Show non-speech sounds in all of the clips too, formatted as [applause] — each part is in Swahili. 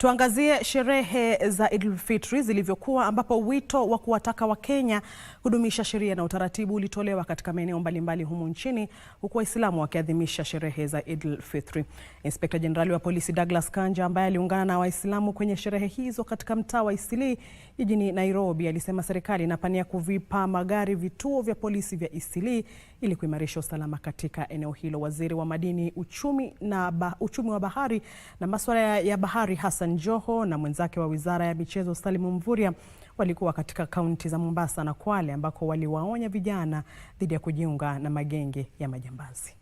Tuangazie sherehe za al-Fitr zilivyokuwa ambapo wito wa kuwataka Wakenya kudumisha sheria na utaratibu ulitolewa katika maeneo mbalimbali humu nchini huku Waislamu wakiadhimisha sherehe za al Fitri. Inspekta Jenerali wa Polisi Douglas Kanja ambaye aliungana na Waislamu kwenye sherehe hizo katika mtaa wa Isilii jijini Nairobi alisema serikali inapania kuvipa magari vituo vya polisi vya Eastleigh ili kuimarisha usalama katika eneo hilo. Waziri wa madini, uchumi na ba, uchumi wa bahari na masuala ya bahari Hassan Joho na mwenzake wa wizara ya michezo salimu Mvurya walikuwa katika kaunti za Mombasa na Kwale ambako waliwaonya vijana dhidi ya kujiunga na magenge ya majambazi.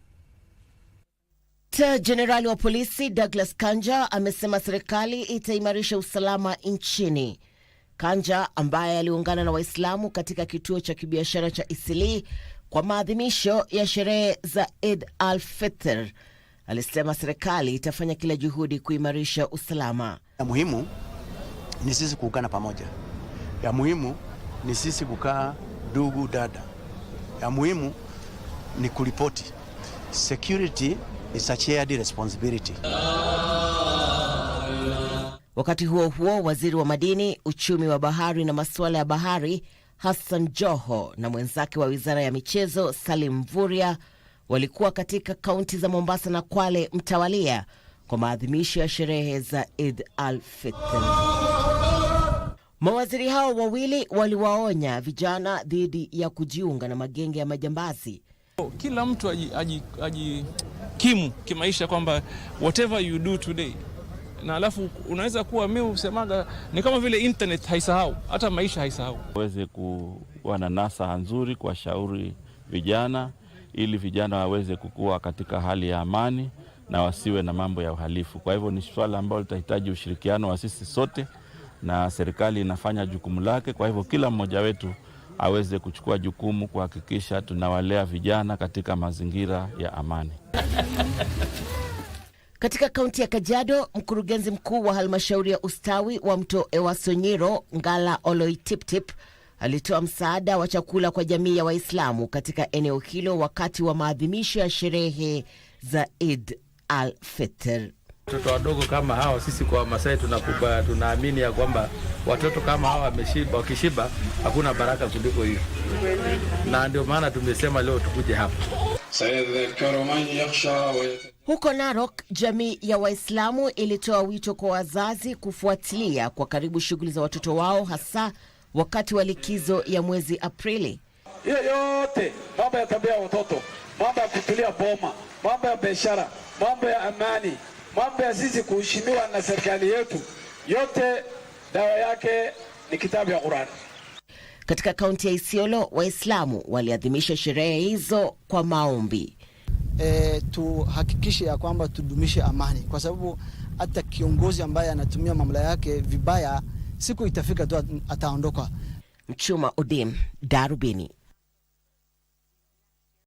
Jenerali wa polisi Douglas Kanja amesema serikali itaimarisha usalama nchini. Kanja ambaye aliungana na Waislamu katika kituo cha kibiashara cha Isili kwa maadhimisho ya sherehe za ed al-Fitr alisema serikali itafanya kila juhudi kuimarisha usalama. Ya muhimu ni sisi kuungana pamoja, ya muhimu ni sisi kukaa ndugu dada, ya muhimu ni kuripoti. Security is a shared responsibility. Wakati huo huo, waziri wa madini, uchumi wa bahari na masuala ya bahari Hassan Joho na mwenzake wa wizara ya michezo Salim Mvurya walikuwa katika kaunti za Mombasa na Kwale mtawalia kwa maadhimisho ya sherehe za Id al-Fitr. Mawaziri hao wawili waliwaonya vijana dhidi ya kujiunga na magenge ya majambazi. Kila mtu ajikimu aji, aji kimaisha kwamba whatever you do today na alafu unaweza kuwa mi usemaga ni kama vile internet haisahau, hata maisha haisahau. Waweze kuwa na nasaha nzuri, kuwashauri vijana ili vijana waweze kukua katika hali ya amani na wasiwe na mambo ya uhalifu. Kwa hivyo ni swala ambalo litahitaji ushirikiano wa sisi sote, na serikali inafanya jukumu lake. Kwa hivyo kila mmoja wetu aweze kuchukua jukumu kuhakikisha tunawalea vijana katika mazingira ya amani. [laughs] Katika kaunti ya Kajiado, mkurugenzi mkuu wa halmashauri ya ustawi wa mto Ewasonyiro, Ngala Oloitiptip, alitoa msaada wa chakula kwa jamii ya Waislamu katika eneo hilo wakati wa maadhimisho ya sherehe za id al-Fitr. Watoto wadogo kama hawa, sisi kwa Wamasai tunakuba, tunaamini ya kwamba watoto kama hawa wameshiba, wakishiba hakuna baraka kuliko hiyo, na ndio maana tumesema leo tukuje hapa huko Narok, jamii ya Waislamu ilitoa wito kwa wazazi kufuatilia kwa karibu shughuli za watoto wao, hasa wakati wa likizo ya mwezi Aprili. Yeyote mambo ya tabia ya watoto, mambo ya kutulia boma, mambo ya biashara, mambo ya amani, mambo ya sisi kuheshimiwa na serikali yetu, yote dawa yake ni kitabu ya Qurani. Katika kaunti ya Isiolo, Waislamu waliadhimisha sherehe hizo kwa maombi. E, tuhakikishe ya kwamba tudumishe amani, kwa sababu hata kiongozi ambaye anatumia mamlaka yake vibaya, siku itafika tu ataondoka. Mchuma Udim, Darubini.